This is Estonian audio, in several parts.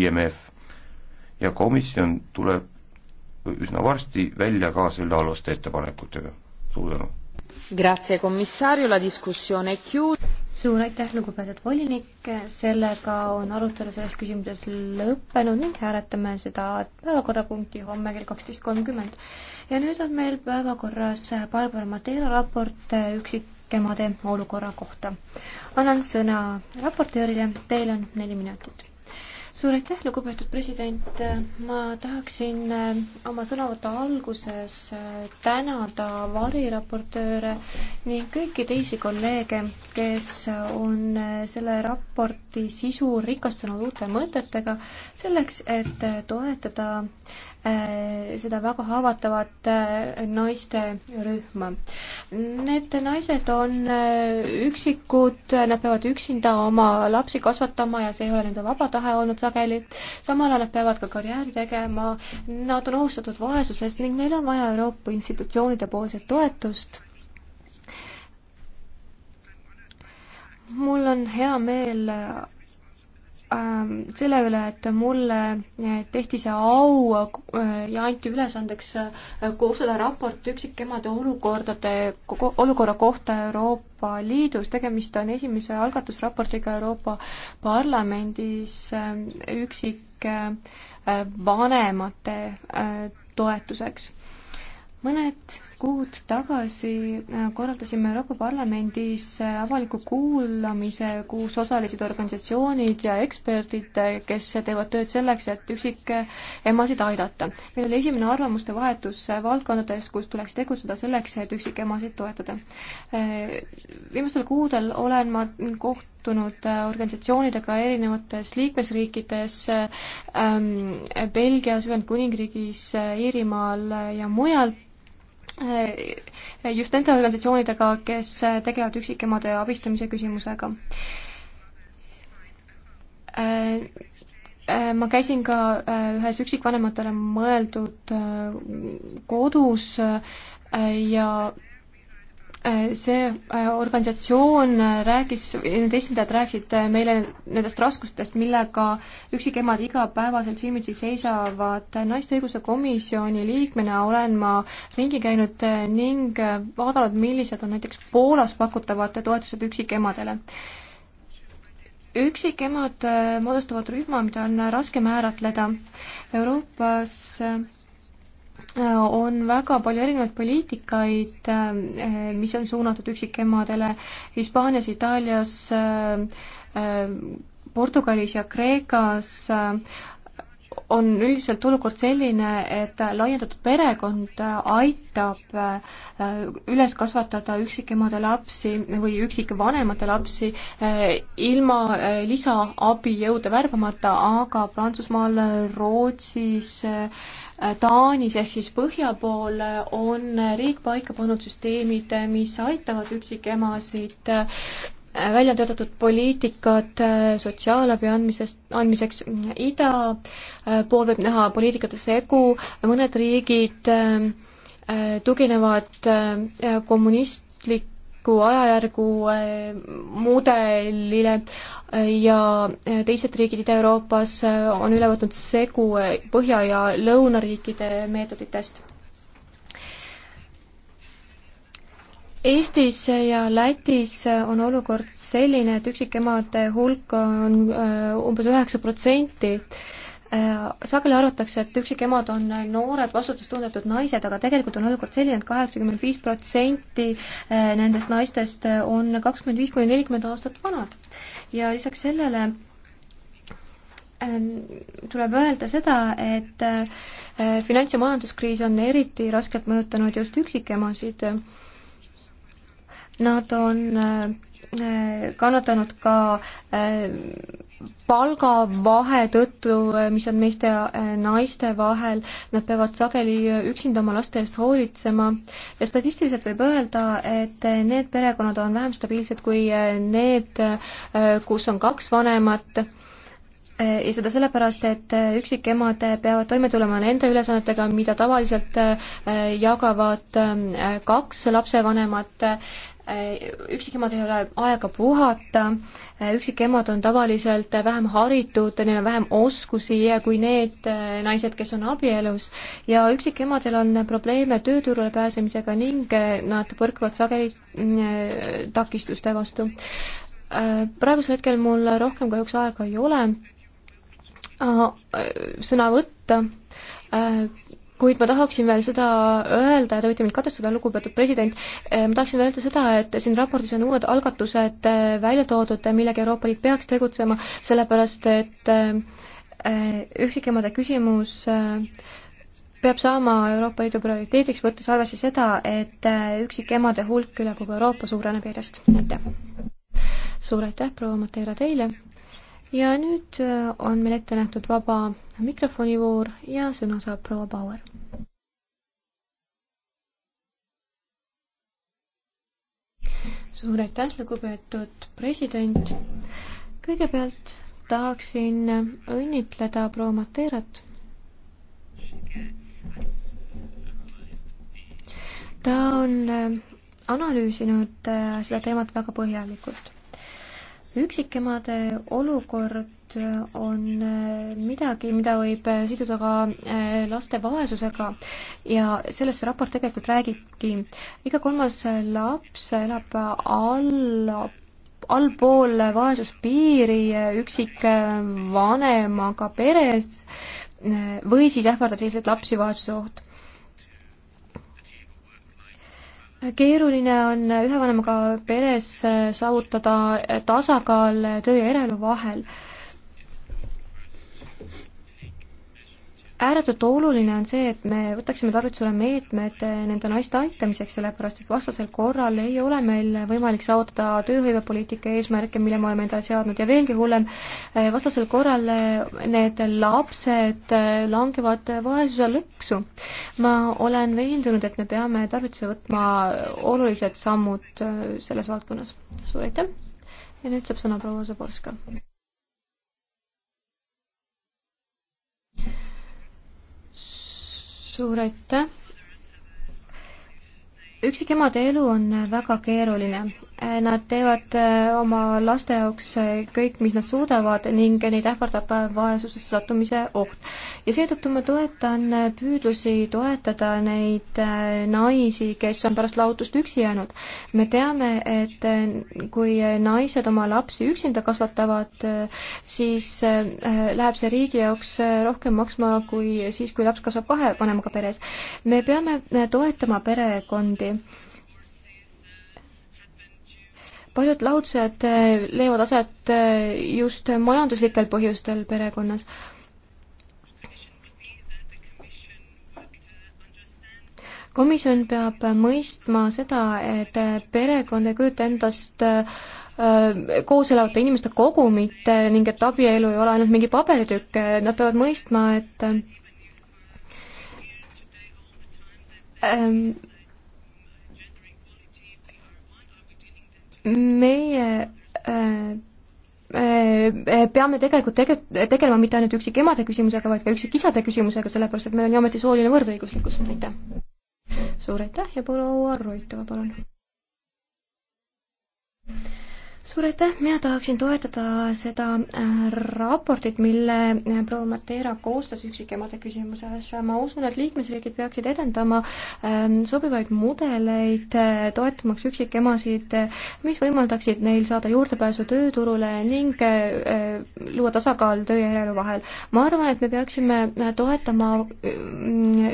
IMF ja komisjon tuleb üsna varsti välja ka selle alaste ettepanekutega. suur tänu! Grazie commissario, la discussione è chiusa. suur aitäh, lugupeetud volinik, sellega on arutelu selles küsimuses lõppenud ning hääletame seda päevakorrapunkti homme kell kaksteist kolmkümmend. ja nüüd on meil päevakorras Barbara Matera raport üksikemade olukorra kohta. annan sõna raportöörile, teil on neli minutit suur aitäh, lugupeetud president, ma tahaksin äh, oma sõnavõtu alguses äh, tänada variraportööre ning kõiki teisi kolleege, kes on äh, selle raporti sisu rikastanud uute mõtetega, selleks et toetada seda väga haavatavat naiste rühma. Need naised on üksikud, nad peavad üksinda oma lapsi kasvatama ja see ei ole nende vaba tahe olnud, sageli. samal ajal nad peavad ka karjääri tegema, nad on ohustatud vaesusest ning neil on vaja Euroopa institutsioonide poolset toetust. mul on hea meel Ähm, selle üle, et mulle äh, tehti see au äh, ja anti ülesandeks äh, koostada raport üksikemade olukordade, olukorra kohta Euroopa Liidus. tegemist on esimese algatusraportiga Euroopa Parlamendis üksikvanemate toetuseks. mõned kuud tagasi äh, korraldasime Euroopa Parlamendis äh, avaliku kuulamise, kus osalesid organisatsioonid ja eksperdid, äh, kes teevad tööd selleks, et üksikemasid aidata. meil oli esimene arvamuste vahetus valdkondades, kus tuleks tegutseda selleks, et üksikemasid toetada. Viimastel kuudel olen ma koht-, kohtunud organisatsioonidega erinevates liikmesriikides ähm,, Belgias, Ühendkuningriigis, Iirimaal ja mujal Äh, just nende organisatsioonidega, kes äh, tegelevad üksikemade abistamise küsimusega. Äh, ma käisin ka ühes üksikvanematele mõeldud kodus ja Äh, see äh, organisatsioon rääkis, need esindajad rääkisid äh, meile nendest raskustest, millega üksikemad igapäevaselt silmitsi seisavad. naiste õiguse komisjoni liikmena olen ma ringi käinud ning vaadanud, millised on näiteks Poolas pakutavad toetused üksikemadele. üksikemad moodustavad rühma, mida on raske määratleda. Euroopas on väga palju erinevaid poliitikaid, eh, mis on suunatud üksikemadele Hispaanias, Itaalias, eh, eh, Portugalis ja Kreekas on üldiselt olukord selline, et laiendatud perekond aitab äh, üles kasvatada üksikemade lapsi või üksikvanemate lapsi äh, ilma äh, lisaabi jõude värbamata, aga Prantsusmaal, Rootsis, Taanis ehk siis põhja pool on riik paika pannud süsteemid, mis aitavad üksikemasid välja on töötatud poliitikad äh, sotsiaalabi andmisest, andmiseks ida äh, pool võib näha poliitikate segu, mõned riigid äh, tuginevad kommunistliku ajajärgu mudelile ja teised riigid Ida-Euroopas on üle võtnud segu Põhja- ja Lõunariikide meetoditest Eestis ja Lätis on olukord selline, et üksikemade hulk on äh, umbes üheksa protsenti. Äh, sageli arvatakse, et üksikemad on noored vastutustundetud naised, aga tegelikult on olukord selline et, et kaheksakümmend viis protsenti äh, nendest naistest on kakskümmend viis kuni nelikümmend aastat vanad. ja lisaks sellele tuleb öelda seda, et finants- ja majanduskriis on eriti raskelt mõjutanud just üksikemasid Nad on äh, äh, kannatanud ka äh, palgavahe tõttu, mis on meeste ja naiste vahel, nad peavad sageli üksinda oma laste eest hoolitsema ja statistiliselt võib öelda, et need perekonnad on vähem stabiilsed kui need, kus on kaks vanemat ja seda sellepärast, et üksikemad peavad toime tulema nende ülesannetega, mida tavaliselt jagavad kaks lapsevanemat Äh, üksikemadel ei ole aega puhata, äh, üksikemad on tavaliselt vähem haritud, neil on vähem oskusi kui need äh, naised, kes on abielus ja üksikemadel on probleeme tööturule pääsemisega ning nad põrkuvad sageli mm, takistuste vastu. praegusel hetkel mul rohkem kahjuks aega ei ole sõna võtta kuid ma tahaksin veel seda öelda ja te võite mind katkestada, lugupeetud president, ehm, ma tahaksin öelda seda, et siin raportis on uued algatused ehm, välja toodud, millega Euroopa Liit peaks tegutsema, sellepärast et ehm, eh, üksikemade küsimus peab saama Euroopa Liidu prioriteediks, võttes arvesse seda, et eh, üksikemade hulk üle kogu Euroopa suureneb järjest. aitäh! suur aitäh, proua Mateera, teile! ja nüüd eh, on meil ette nähtud vaba mikrofoni voor ja sõna saab proua Bauer. suur aitäh, lugupeetud president. kõigepealt tahaksin õnnitleda proua Mateerat. ta on analüüsinud äh, seda teemat väga põhjalikult üksikemade olukord on äh, midagi, mida võib äh, siduda ka äh, laste vaesusega ja sellest see raport tegelikult räägibki. iga kolmas laps elab alla, allpool vaesuspiiri üksikvanemaga peres või siis ähvardab selliseid lapsi vaesuse oht keeruline on ühe vanemaga peres saavutada tasakaal töö ja eraelu vahel ääretult oluline on see, et me võtaksime tarvitusele meetmed nende naiste aitamiseks, sellepärast et vastasel korral ei ole meil võimalik saavutada tööhõivepoliitika eesmärke, mille me oleme endale seadnud ja veelgi hullem, eh, vastasel korral eh, need lapsed eh, langevad vaesuse lõksu. ma olen veendunud, et me peame tarvitusele võtma olulised sammud selles valdkonnas. suur aitäh ja nüüd saab sõna proua Zaborska. suur aitäh! üksikemade elu on väga keeruline. Nad teevad äh, oma laste jaoks äh, kõik, mis nad suudavad ning neid ähvardab äh, vaesusesse sattumise oht. ja seetõttu ma toetan püüdlusi toetada neid naisi, kes on pärast lahutust üksi jäänud. me teame, et kui naised oma lapsi üksinda kasvatavad, siis läheb see riigi jaoks rohkem maksma kui siis, kui laps kasvab kahe vanemaga peres. me peame toetama perekondi, edasi. paljud lahutused äh, leiavad aset äh, just majanduslikel põhjustel perekonnas komisjon peab mõistma seda, et perekond ei kujuta endast äh, koos elavate inimeste kogumit ning et abielu ei ole ainult mingi paberitükk, nad peavad mõistma, et ähm, meie äh, äh, peame tegelikult tege-, tegelema mitte ainult üksikemade küsimusega, vaid ka üksikisade küsimusega, sellepärast et meil on ju ometi sooline võrdõiguslikkus, aitäh! suur aitäh ja proua Roitova, palun! suur aitäh, mina tahaksin toetada seda äh, raportit, mille äh, proua Matera koostas üksikemade küsimuses. ma usun, et liikmesriigid peaksid edendama ähm, sobivaid mudeleid, äh, toetamaks üksikemasid, mis võimaldaksid neil saada juurdepääsu tööturule ning luua tasakaal töö ja eraelu vahel. ma arvan, et me peaksime toetama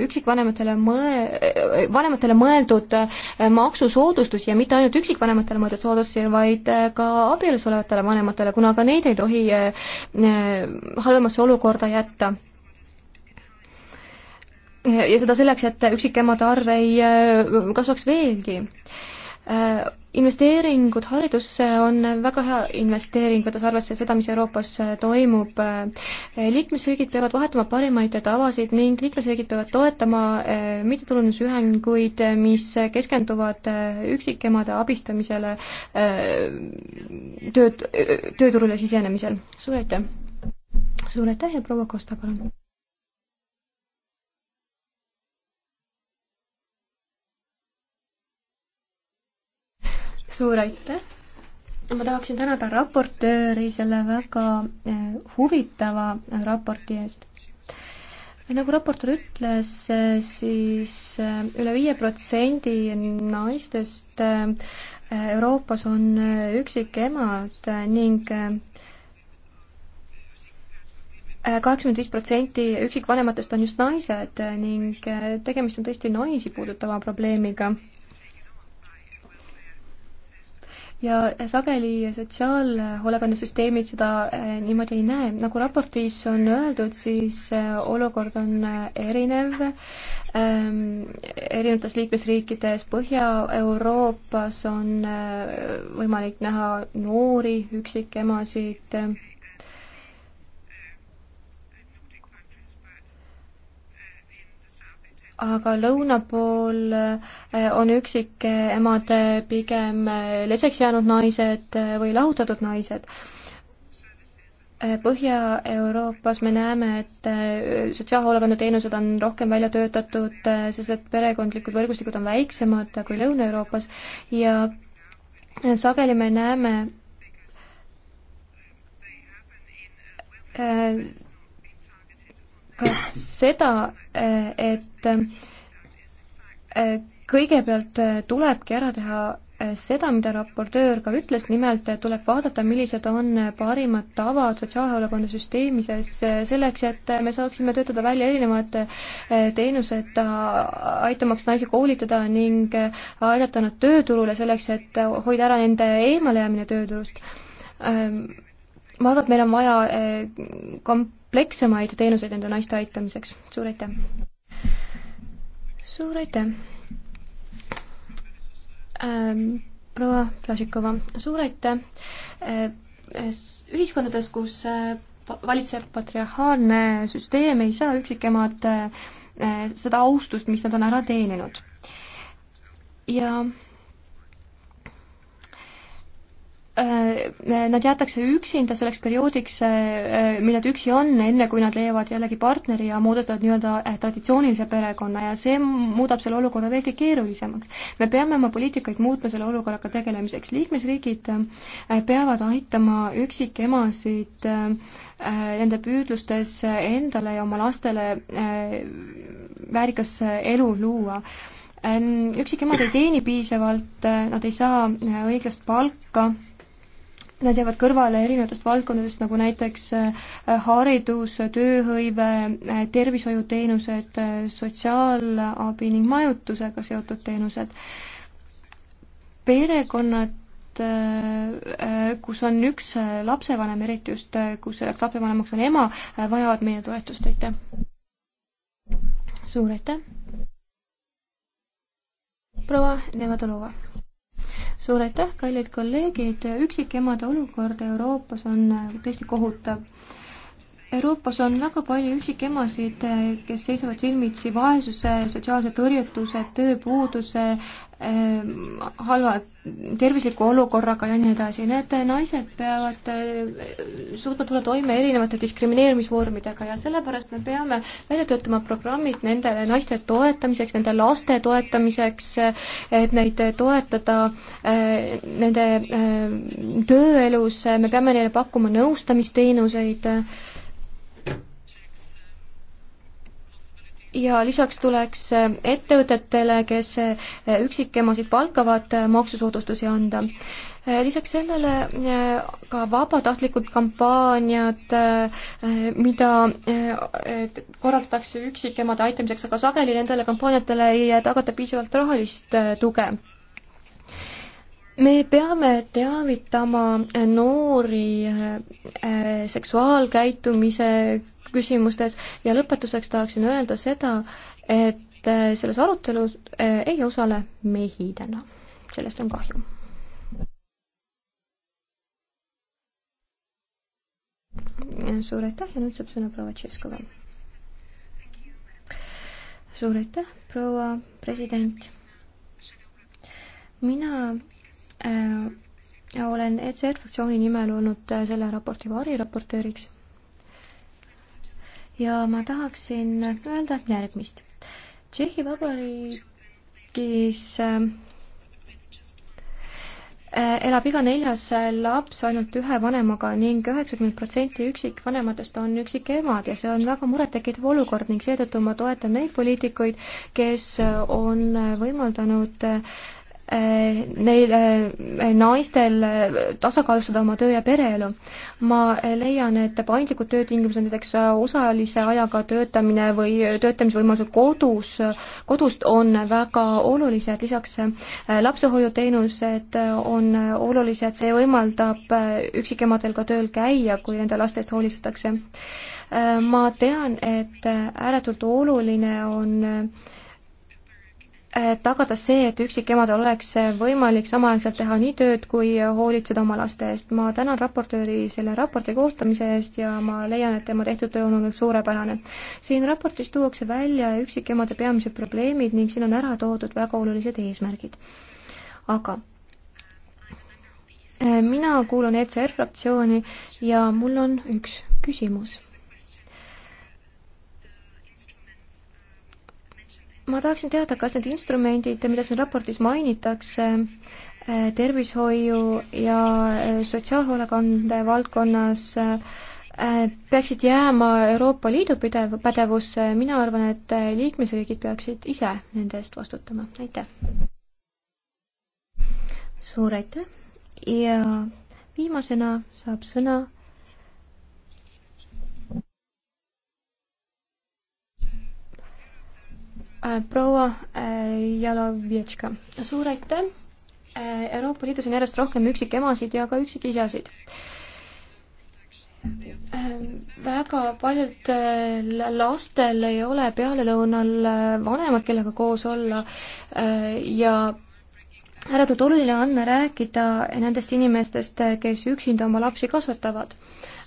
üksikvanematele mõe-, vanematele mõeldud maksusoodustusi ja mitte ainult üksikvanematele mõeldud soodustusi, vaid ka abielus olevatele vanematele, kuna ka neid ei tohi eh, eh, halvemasse olukorda jätta ja seda selleks, et üksikemade arv ei eh, kasvaks veelgi investeeringud haridusse on väga hea investeering, võttes arvesse seda, mis Euroopas äh, toimub. Äh, liikmesriigid peavad vahetama parimaid tavasid ning liikmesriigid peavad toetama äh, mittetulundusühinguid, mis keskenduvad üksikemade abistamisele töö, tööturule sisenemisel. suur aitäh! suur aitäh ja proua Kosta, palun! suur aitäh! ma tahaksin tänada raportööri selle väga eh, huvitava eh, raporti eest. nagu raportöör ütles, eh, siis üle viie protsendi naistest Euroopas on üksikemad ning kaheksakümmend viis protsenti üksikvanematest on just naised ning tegemist on tõesti naisi puudutava probleemiga ja sageli sotsiaalhoolekandesüsteemid seda äh, niimoodi ei näe. nagu raportis on öeldud, siis äh, olukord on äh, erinev ähm, erinevates liikmesriikides. Põhja-Euroopas on võimalik näha noori üksikemasid aga lõuna pool eh, on üksike emad eh, pigem eh, leseks jäänud naised või lahutatud naised. Põhja-Euroopas me näeme, et sotsiaalhoolekandeteenused on rohkem välja töötatud, sest et perekondlikud võrgustikud on väiksemad kui Lõuna-Euroopas ja sageli me näeme kas seda, et kõigepealt tulebki ära teha seda, mida raportöör ka ütles, nimelt tuleb vaadata, millised on parimad tavad sotsiaalhoolekande süsteemis selleks, et me saaksime töötada välja erinevad teenused, aitamaks naisi koolitada ning aidata nad tööturule selleks, et hoida ära nende eemalejäämine tööturust. ma arvan, et meil on vaja eh, komp-, komplekssemaid teenuseid nende naiste aitamiseks. suur aitäh! suur aitäh ähm,! proua Plašikova, suur aitäh! Äh, ühiskondades, kus äh, valitsev patriarhaalne süsteem, ei saa üksikemad äh, seda austust, mis nad on ära teeninud. ja Äh, nad jäetakse üksinda selleks perioodiks, äh, äh, mil nad üksi on, enne kui nad leiavad jällegi partneri ja moodustavad nii-öelda traditsioonilise perekonna ja see muudab selle olukorra veelgi keerulisemaks. me peame oma poliitikaid muutma selle olukorraga tegelemiseks. liikmesriigid peavad aitama üksikemasid nende püüdlustes endale ja oma lastele väärikas elu luua üksikemad ei teeni piisavalt, nad ei saa õiglast palka Nad jäävad kõrvale erinevatest valdkondadest, nagu näiteks äh, haridus, tööhõive, äh, tervishoiuteenused, äh, sotsiaalabi ning majutusega seotud teenused. perekonnad, kus on üks lapsevanem, eriti just, kus selleks lapsevanemaks on ema, vajavad meie toetust, aitäh! suur aitäh! proua Nevadolova suur aitäh, kallid kolleegid, üksikemade olukord Euroopas on tõesti kohutav Euroopas on väga palju üksikemasid, kes seisavad silmitsi vaesuse, sotsiaalse tõrjutuse, tööpuuduse, ähm, halva tervisliku olukorraga ja nii edasi. Need naised peavad äh, suutma tulla toime erinevate diskrimineerimisvormidega ja sellepärast me peame välja töötama programmid nende naiste toetamiseks, nende laste toetamiseks, et neid toetada äh, nende äh, tööelus, me peame neile pakkuma nõustamisteenuseid ja lisaks tuleks äh, ettevõtetele, kes äh, üksikemasid palkavad, äh, maksusoodustusi anda. lisaks sellele ka vabatahtlikud kampaaniad, mida korraldatakse üksikemade aitamiseks, aga sageli nendele kampaaniatele ei tagata piisavalt rahalist tuge me peame teavitama noori äh, seksuaalkäitumise küsimustes ja lõpetuseks tahaksin öelda seda, et äh, selles arutelus äh, ei osale mehi täna. sellest on kahju. suur aitäh ja nüüd saab sõna proua Tšeskova. suur aitäh, proua president. mina Äh, olen ECR fraktsiooni nimel olnud äh, selle raporti variraportööriks ja ma tahaksin öelda järgmist. Tšehhi Vabariigis äh, elab iga neljas laps ainult ühe vanemaga ning üheksakümmend protsenti üksikvanematest on üksikemad ja see on väga murettekitav olukord ning seetõttu ma toetan neid poliitikuid, kes on võimaldanud äh, Äh, neil äh, naistel äh, tasakaalustada oma töö ja pereelu. ma leian, et paindlikud töötingimused, näiteks osalise ajaga töötamine või töötamisvõimalused kodus, kodust on väga olulised, lisaks lapsehoiuteenused on olulised, see võimaldab üksikemadel ka tööl käia, kui nende laste eest hoolitsetakse. ma tean, et ääretult oluline on Äh, tagada see, et üksikemadel oleks võimalik samaaegselt teha nii tööd kui hoolitseda oma laste eest. ma tänan raportööri selle raporti koostamise eest ja ma leian, et tema tehtud töö on olnud suurepärane. siin raportis tuuakse välja üksikemade peamised probleemid ning siin on ära toodud väga olulised eesmärgid. aga äh, mina kuulun ECR fraktsiooni ja mul on üks küsimus ma tahaksin teada, kas need instrumendid, mida siin raportis mainitakse, eh, tervishoiu ja eh, sotsiaalhoolekande valdkonnas eh, peaksid jääma Euroopa Liidu pidev, pädevusse, mina arvan, et liikmesriigid peaksid ise nende eest vastutama, aitäh. suur aitäh ja viimasena saab sõna Äh, proua äh, Jalovjetška, suur aitäh! Äh, Euroopa Liidus on järjest rohkem üksikemasid ja ka üksikisasid. väga paljudel lastel ei ole pealelõunal vanemad, kellega koos olla ja ääretult oluline on rääkida nendest inimestest, kes üksinda oma lapsi kasvatavad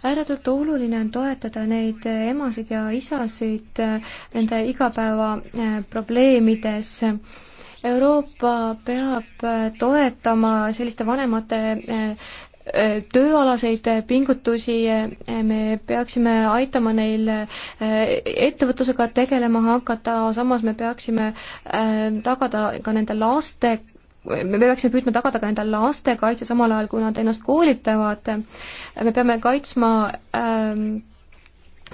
ääretult oluline on toetada neid emasid ja isasid äh, nende igapäevaprobleemides äh, Euroopa peab äh, toetama selliste vanemate tööalaseid pingutusi, me peaksime aitama neil ettevõtlusega tegelema hakata, samas me peaksime tagada ka nende laste me peaksime püüdma tagada ka endale lastekaitse samal ajal, kui nad ennast koolitavad. me peame kaitsma ähm,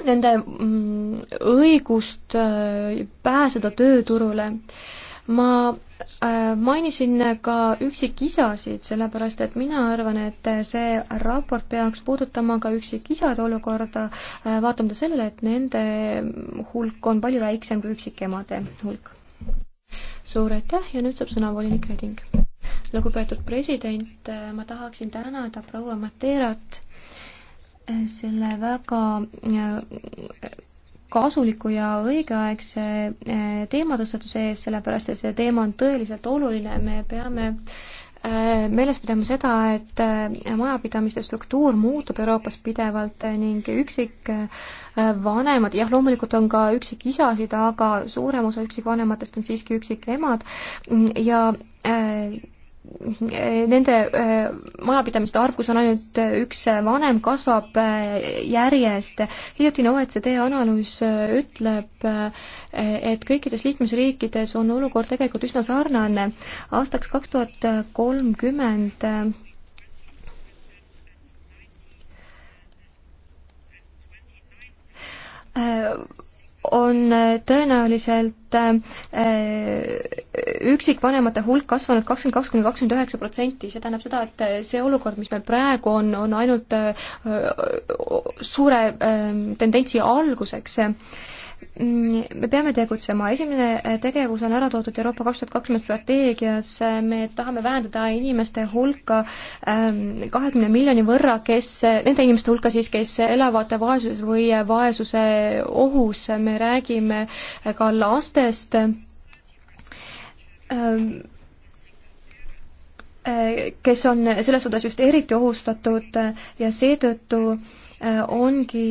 nende mm, õigust äh, pääseda tööturule. ma äh, mainisin ka üksikisasid, sellepärast et mina arvan, et see raport peaks puudutama ka üksikisade olukorda, äh, vaatamata sellele, et nende hulk on palju väiksem kui üksikemade hulk suur aitäh ja nüüd saab sõna volinik Reding. lugupeetud president, äh, ma tahaksin tänada proua Mateerat äh, selle väga äh, kasuliku ja õigeaegse teematõstatuse eest, sellepärast et see teema on tõeliselt oluline, me peame äh, Äh, meeles pidama seda, et äh, majapidamiste struktuur muutub Euroopas pidevalt äh, ning üksikvanemad, jah, loomulikult on ka üksikisasid, aga suurem osa üksikvanematest on siiski üksikemad ja nende äh, majapidamiste arv, kus on ainult äh, üks äh, vanem, kasvab järjest. hiljutine OECD analüüs ütleb, et kõikides liikmesriikides on olukord tegelikult üsna sarnane. aastaks kaks tuhat kolmkümmend Uh on äh, tõenäoliselt äh, üksikvanemate hulk kasvanud kakskümmend kaks kuni kakskümmend üheksa protsenti, see tähendab seda, et äh, see olukord, mis meil praegu on, on ainult suure ähm, tendentsi alguseks me peame tegutsema, esimene eh, tegevus on ära toodud Euroopa kaks tuhat kakskümmend strateegias, eh, me tahame vähendada inimeste hulka ehm, kahekümne miljoni võrra, kes, eh, nende inimeste hulka siis, kes elavad vaesuses või vaesuse ohus, me räägime ka lastest, ehm, kes on selles suhtes just eriti ohustatud ja seetõttu ongi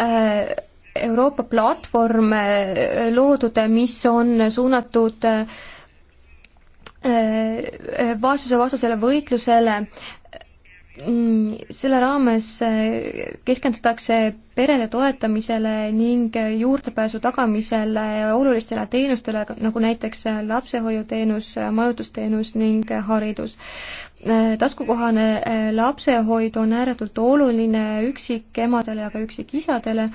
Äh, Euroopa platvorm äh, loodud, mis on suunatud äh, vaesusevastasele võitlusele selle raames äh, keskendutakse perede toetamisele ning juurdepääsu tagamisele olulistele teenustele, nagu näiteks äh, lapsehoiuteenus, äh, majutusteenus ning haridus. taskukohane lapsehoid on ääretult oluline üksikemadele ja ka üksikisadele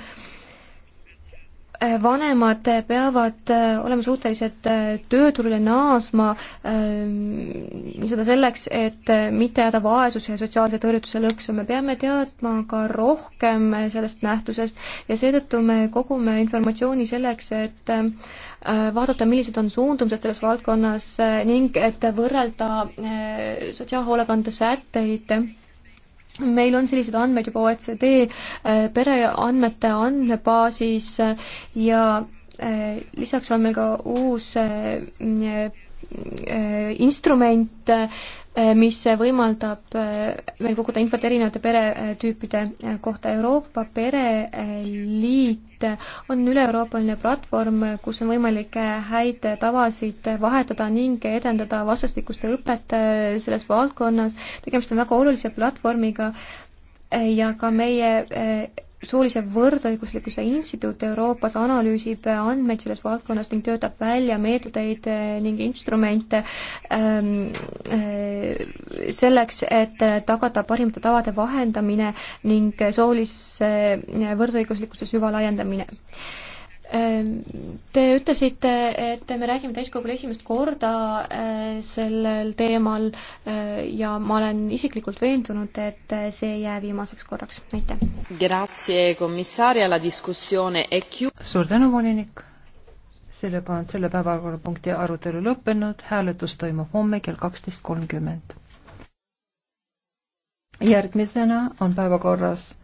Äh, vanemad äh, peavad äh, olema suutelised tööturule naasma, ähm, seda selleks, et mitte jääda vaesuse ja sotsiaalse tõrjutuse lõksu, me peame teadma ka rohkem sellest nähtusest ja seetõttu me kogume informatsiooni selleks, et vaadata, millised on suundumused selles valdkonnas ning et võrrelda sotsiaalhoolekande sätteid meil on sellised andmed juba OECD äh, pereandmete andmebaasis äh, ja äh, lisaks on meil ka uus instrument, Äh, mis võimaldab meil äh, koguda infot erinevate peretüüpide äh, kohta. Euroopa Pereliit on üle-euroopaline platvorm, kus on võimalik häid tavasid vahetada ning edendada vastastikuste õpet selles valdkonnas. tegemist on väga olulise platvormiga ja ka meie soolise võrdõiguslikkuse instituut Euroopas analüüsib andmeid selles valdkonnas ning töötab välja meetodeid eh, ning instrumente ähm, äh, selleks, et tagada parimate tavade vahendamine ning soolise äh, võrdõiguslikkuse süvalaiendamine Ehm, te ütlesite, et me räägime täiskogul esimest korda eh, sellel teemal eh, ja ma olen isiklikult veendunud, et see ei jää viimaseks korraks, aitäh. suur tänu, volinik. sellega on selle päevakorrapunkti arutelu lõppenud, hääletus toimub homme kell kaksteist kolmkümmend. järgmisena on päevakorras